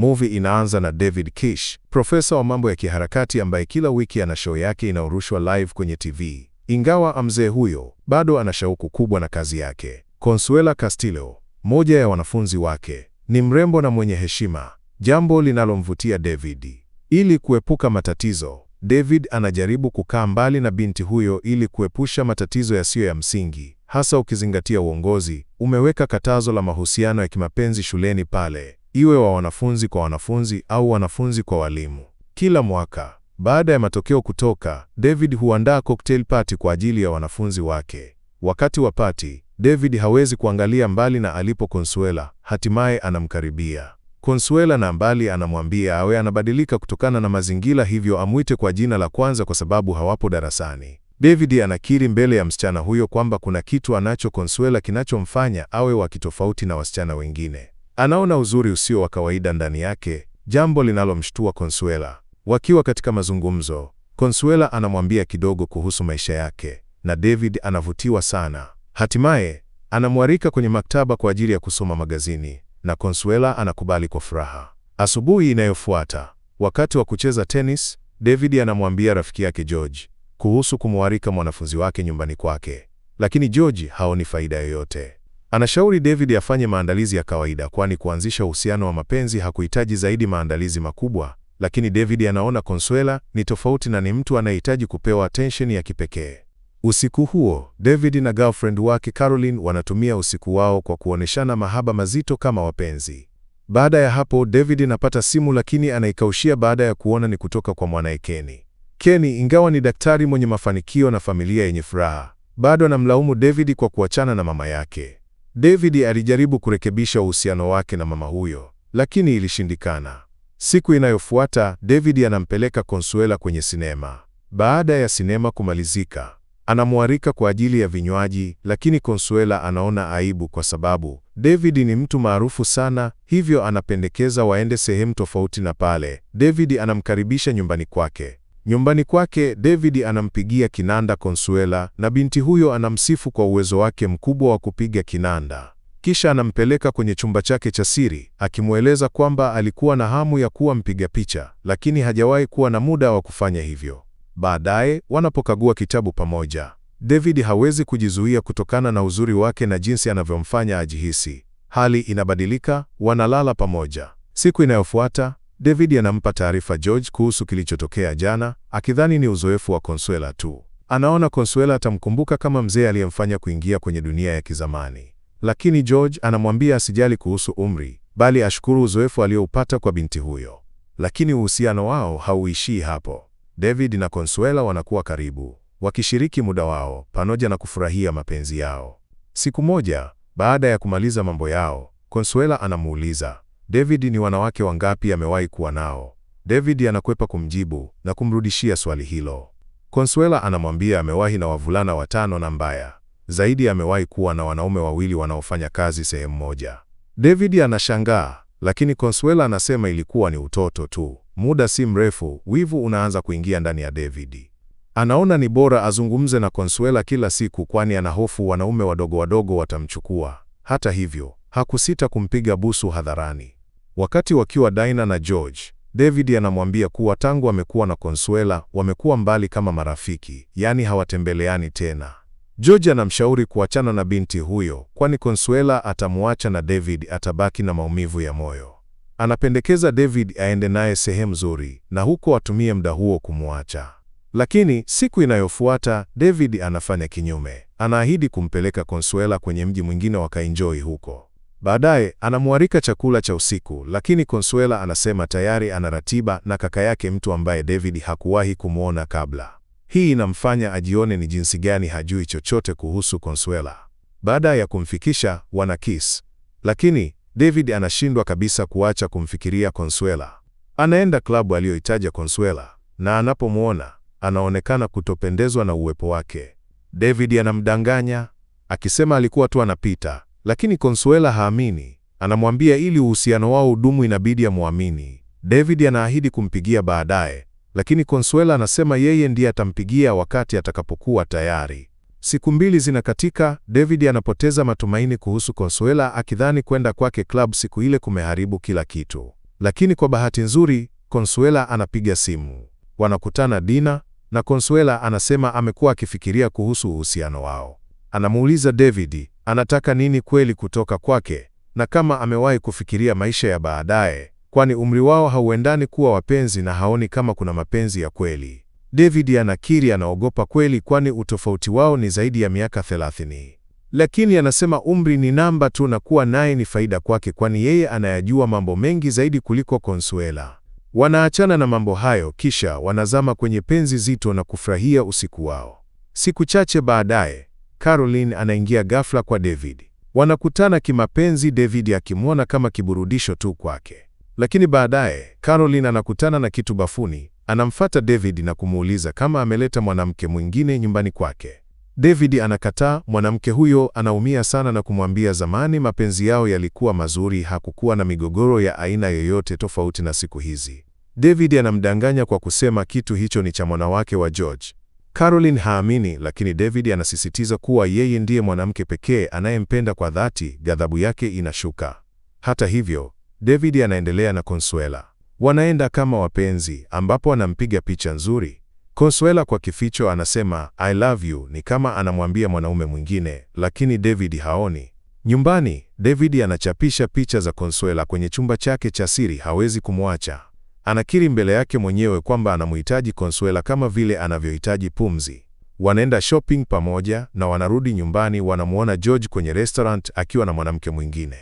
Movie inaanza na David Kish, profesa wa mambo ya kiharakati ambaye kila wiki ana show yake inayorushwa live kwenye TV. Ingawa mzee huyo bado ana shauku kubwa na kazi yake. Consuela Castillo, moja ya wanafunzi wake, ni mrembo na mwenye heshima, jambo linalomvutia David. Ili kuepuka matatizo, David anajaribu kukaa mbali na binti huyo ili kuepusha matatizo yasiyo ya msingi, hasa ukizingatia uongozi umeweka katazo la mahusiano ya kimapenzi shuleni pale iwe wa wanafunzi kwa wanafunzi au wanafunzi kwa walimu. Kila mwaka baada ya matokeo kutoka, David huandaa cocktail party kwa ajili ya wanafunzi wake. Wakati wa party, David hawezi kuangalia mbali na alipo Consuela, hatimaye anamkaribia. Consuela na mbali anamwambia awe anabadilika kutokana na mazingira, hivyo amwite kwa jina la kwanza kwa sababu hawapo darasani. David anakiri mbele ya msichana huyo kwamba kuna kitu anacho Consuela kinachomfanya awe wa kitofauti na wasichana wengine. Anaona uzuri usio wa kawaida ndani yake, jambo linalomshtua Consuela. Wakiwa katika mazungumzo, Consuela anamwambia kidogo kuhusu maisha yake na David anavutiwa sana. Hatimaye anamwarika kwenye maktaba kwa ajili ya kusoma magazini na Consuela anakubali kwa furaha. Asubuhi inayofuata, wakati wa kucheza tenis, David anamwambia rafiki yake George kuhusu kumwarika mwanafunzi wake nyumbani kwake, lakini George haoni faida yoyote. Anashauri David afanye maandalizi ya kawaida, kwani kuanzisha uhusiano wa mapenzi hakuhitaji zaidi maandalizi makubwa, lakini David anaona Consuela ni tofauti na ni mtu anayehitaji kupewa attention ya kipekee. Usiku huo David na girlfriend wake Caroline wanatumia usiku wao kwa kuoneshana mahaba mazito kama wapenzi. Baada ya hapo, David anapata simu lakini anaikaushia baada ya kuona ni kutoka kwa mwanaye Kenny. Kenny, ingawa ni daktari mwenye mafanikio na familia yenye furaha, bado anamlaumu David kwa kuachana na mama yake. David alijaribu kurekebisha uhusiano wake na mama huyo, lakini ilishindikana. Siku inayofuata, David anampeleka Consuela kwenye sinema. Baada ya sinema kumalizika, anamwarika kwa ajili ya vinywaji, lakini Consuela anaona aibu kwa sababu David ni mtu maarufu sana, hivyo anapendekeza waende sehemu tofauti na pale. David anamkaribisha nyumbani kwake. Nyumbani kwake David anampigia kinanda Consuela na binti huyo anamsifu kwa uwezo wake mkubwa wa kupiga kinanda. Kisha anampeleka kwenye chumba chake cha siri, akimweleza kwamba alikuwa na hamu ya kuwa mpiga picha, lakini hajawahi kuwa na muda wa kufanya hivyo. Baadaye, wanapokagua kitabu pamoja, David hawezi kujizuia kutokana na uzuri wake na jinsi anavyomfanya ajihisi. Hali inabadilika, wanalala pamoja. Siku inayofuata David anampa taarifa George kuhusu kilichotokea jana, akidhani ni uzoefu wa Consuela tu. Anaona Consuela atamkumbuka kama mzee aliyemfanya kuingia kwenye dunia ya kizamani, lakini George anamwambia asijali kuhusu umri, bali ashukuru uzoefu alioupata kwa binti huyo. Lakini uhusiano wao hauishii hapo. David na Consuela wanakuwa karibu, wakishiriki muda wao pamoja na kufurahia mapenzi yao. Siku moja baada ya kumaliza mambo yao, Consuela anamuuliza David ni wanawake wangapi amewahi kuwa nao? David anakwepa kumjibu na kumrudishia swali hilo. Consuela anamwambia amewahi na wavulana watano na mbaya zaidi, amewahi kuwa na wanaume wawili wanaofanya kazi sehemu moja. David anashangaa, lakini Consuela anasema ilikuwa ni utoto tu. Muda si mrefu, wivu unaanza kuingia ndani ya David. Anaona ni bora azungumze na Consuela kila siku, kwani anahofu wanaume wadogo wadogo watamchukua. Hata hivyo, hakusita kumpiga busu hadharani. Wakati wakiwa Dina na George, David anamwambia kuwa tangu amekuwa na Consuela wamekuwa mbali kama marafiki, yaani hawatembeleani tena. George anamshauri kuachana na binti huyo, kwani Consuela atamwacha na David atabaki na maumivu ya moyo. Anapendekeza David aende naye sehemu nzuri na huko atumie muda huo kumwacha. Lakini siku inayofuata David anafanya kinyume, anaahidi kumpeleka Consuela kwenye mji mwingine wakaenjoy huko. Baadaye anamwarika chakula cha usiku, lakini Consuela anasema tayari ana ratiba na kaka yake, mtu ambaye David hakuwahi kumwona kabla. Hii inamfanya ajione ni jinsi gani hajui chochote kuhusu Consuela. Baada ya kumfikisha, wana kiss, lakini David anashindwa kabisa kuacha kumfikiria Consuela. Anaenda klabu aliyoitaja Consuela, na anapomwona anaonekana kutopendezwa na uwepo wake. David anamdanganya akisema alikuwa tu anapita lakini Consuela haamini, anamwambia ili uhusiano wao udumu inabidi amwamini. David anaahidi kumpigia baadaye, lakini Consuela anasema yeye ndiye atampigia wakati atakapokuwa tayari. Siku mbili zinakatika, David anapoteza matumaini kuhusu Consuela akidhani kwenda kwake club siku ile kumeharibu kila kitu. Lakini kwa bahati nzuri, Consuela anapiga simu. Wanakutana dina na Consuela anasema amekuwa akifikiria kuhusu uhusiano wao. Anamuuliza David, anataka nini kweli kutoka kwake na kama amewahi kufikiria maisha ya baadaye, kwani umri wao hauendani kuwa wapenzi na haoni kama kuna mapenzi ya kweli. David anakiri anaogopa kweli, kwani utofauti wao ni zaidi ya miaka 30. Lakini anasema umri ni namba tu na kuwa naye ni faida kwake, kwani yeye anayajua mambo mengi zaidi kuliko Consuela. Wanaachana na mambo hayo, kisha wanazama kwenye penzi zito na kufurahia usiku wao. Siku chache baadaye Caroline anaingia ghafla kwa David. Wanakutana kimapenzi, David akimwona kama kiburudisho tu kwake. Lakini baadaye Caroline anakutana na kitu bafuni, anamfata David na kumuuliza kama ameleta mwanamke mwingine nyumbani kwake. David anakataa. Mwanamke huyo anaumia sana na kumwambia zamani mapenzi yao yalikuwa mazuri, hakukuwa na migogoro ya aina yoyote tofauti na siku hizi. David anamdanganya kwa kusema kitu hicho ni cha mwanawake wa George. Caroline haamini, lakini David anasisitiza kuwa yeye ndiye mwanamke pekee anayempenda kwa dhati. Ghadhabu yake inashuka. Hata hivyo, David anaendelea na Consuela. Wanaenda kama wapenzi, ambapo anampiga picha nzuri. Consuela kwa kificho anasema I love you, ni kama anamwambia mwanaume mwingine, lakini David haoni. Nyumbani, David anachapisha picha za Consuela kwenye chumba chake cha siri, hawezi kumwacha. Anakiri mbele yake mwenyewe kwamba anamhitaji Consuela kama vile anavyohitaji pumzi. Wanaenda shopping pamoja na wanarudi nyumbani, wanamuona George kwenye restaurant akiwa na mwanamke mwingine.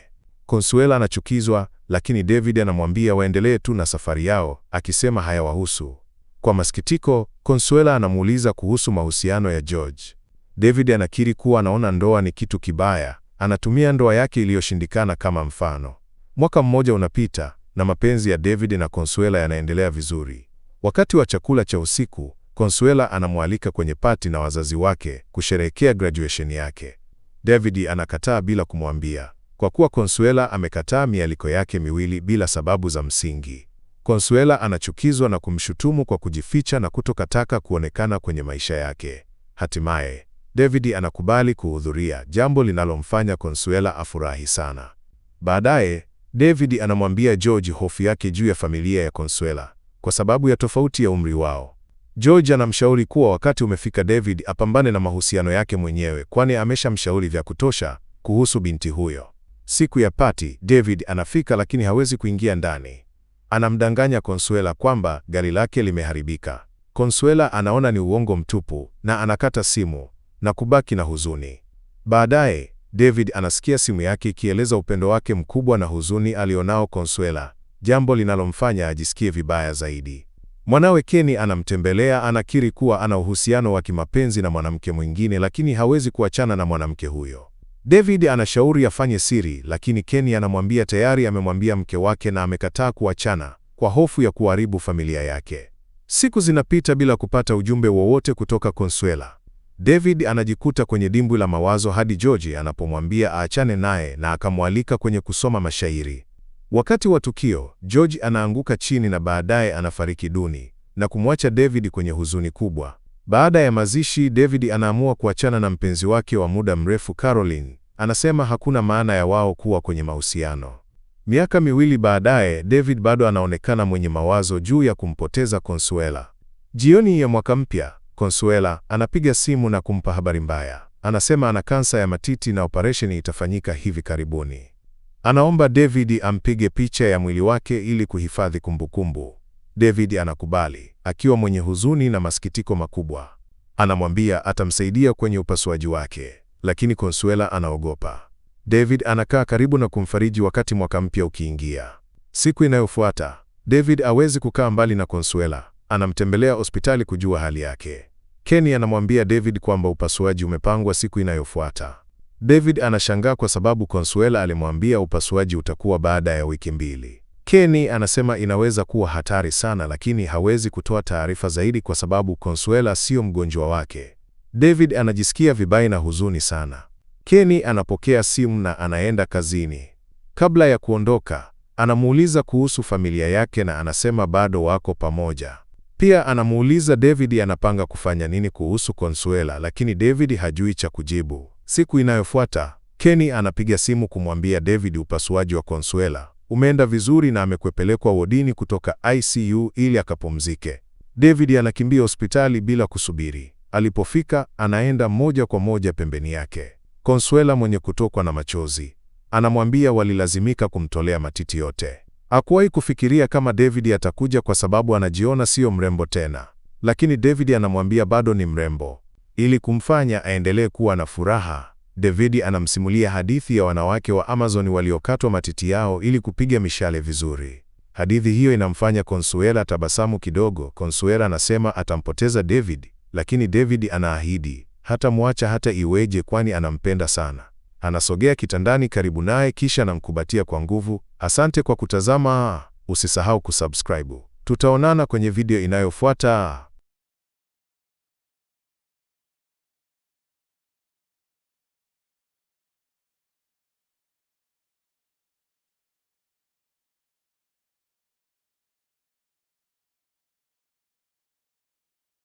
Consuela anachukizwa, lakini David anamwambia waendelee tu na safari yao, akisema hayawahusu. Kwa masikitiko, Consuela anamuuliza kuhusu mahusiano ya George. David anakiri kuwa anaona ndoa ni kitu kibaya, anatumia ndoa yake iliyoshindikana kama mfano. Mwaka mmoja unapita, na mapenzi ya David na Consuela yanaendelea vizuri. Wakati wa chakula cha usiku, Consuela anamwalika kwenye pati na wazazi wake kusherehekea graduation yake. David anakataa bila kumwambia, kwa kuwa Consuela amekataa mialiko yake miwili bila sababu za msingi. Consuela anachukizwa na kumshutumu kwa kujificha na kutokataka kuonekana kwenye maisha yake. Hatimaye, David anakubali kuhudhuria, jambo linalomfanya Consuela afurahi sana. Baadaye, David anamwambia George hofu yake juu ya familia ya Consuela kwa sababu ya tofauti ya umri wao. George anamshauri kuwa wakati umefika David apambane na mahusiano yake mwenyewe, kwani ameshamshauri vya kutosha kuhusu binti huyo. Siku ya pati, David anafika lakini hawezi kuingia ndani. Anamdanganya Consuela kwamba gari lake limeharibika. Consuela anaona ni uongo mtupu na anakata simu na kubaki na huzuni. Baadaye David anasikia simu yake ikieleza upendo wake mkubwa na huzuni alionao Consuela, jambo linalomfanya ajisikie vibaya zaidi. Mwanawe Keni anamtembelea, anakiri kuwa ana uhusiano wa kimapenzi na mwanamke mwingine, lakini hawezi kuachana na mwanamke huyo. David anashauri afanye siri, lakini Keni anamwambia tayari amemwambia mke wake na amekataa kuachana kwa hofu ya kuharibu familia yake. Siku zinapita bila kupata ujumbe wowote kutoka Consuela. David anajikuta kwenye dimbwi la mawazo hadi George anapomwambia aachane naye na akamwalika kwenye kusoma mashairi. Wakati wa tukio, George anaanguka chini na baadaye anafariki duni na kumwacha David kwenye huzuni kubwa. Baada ya mazishi, David anaamua kuachana na mpenzi wake wa muda mrefu Caroline. Anasema hakuna maana ya wao kuwa kwenye mahusiano. Miaka miwili baadaye, David bado anaonekana mwenye mawazo juu ya kumpoteza Consuela. Jioni ya mwaka mpya, Consuela anapiga simu na kumpa habari mbaya. Anasema ana kansa ya matiti na operesheni itafanyika hivi karibuni. Anaomba David ampige picha ya mwili wake ili kuhifadhi kumbukumbu. David anakubali akiwa mwenye huzuni na masikitiko makubwa. Anamwambia atamsaidia kwenye upasuaji wake, lakini Consuela anaogopa. David anakaa karibu na kumfariji wakati mwaka mpya ukiingia. Siku inayofuata David awezi kukaa mbali na Consuela, anamtembelea hospitali kujua hali yake. Kenny anamwambia David kwamba upasuaji umepangwa siku inayofuata. David anashangaa kwa sababu Consuela alimwambia upasuaji utakuwa baada ya wiki mbili. Kenny anasema inaweza kuwa hatari sana, lakini hawezi kutoa taarifa zaidi kwa sababu Consuela sio mgonjwa wake. David anajisikia vibaya na huzuni sana. Kenny anapokea simu na anaenda kazini. Kabla ya kuondoka, anamuuliza kuhusu familia yake na anasema bado wako pamoja. Pia anamuuliza David anapanga kufanya nini kuhusu Consuela, lakini David hajui cha kujibu. Siku inayofuata, Kenny anapiga simu kumwambia David upasuaji wa Consuela umeenda vizuri na amekwepelekwa wodini kutoka ICU ili akapumzike. David anakimbia hospitali bila kusubiri. Alipofika, anaenda moja kwa moja pembeni yake. Consuela mwenye kutokwa na machozi, anamwambia walilazimika kumtolea matiti yote. Hakuwahi kufikiria kama David atakuja kwa sababu anajiona siyo mrembo tena, lakini David anamwambia bado ni mrembo. Ili kumfanya aendelee kuwa na furaha, David anamsimulia hadithi ya wanawake wa Amazon waliokatwa matiti yao ili kupiga mishale vizuri. Hadithi hiyo inamfanya Consuela tabasamu kidogo. Consuela anasema atampoteza David, lakini David anaahidi hatamwacha hata iweje, kwani anampenda sana. Anasogea kitandani karibu naye kisha anamkumbatia kwa nguvu. Asante kwa kutazama, usisahau kusubscribe. Tutaonana kwenye video inayofuata.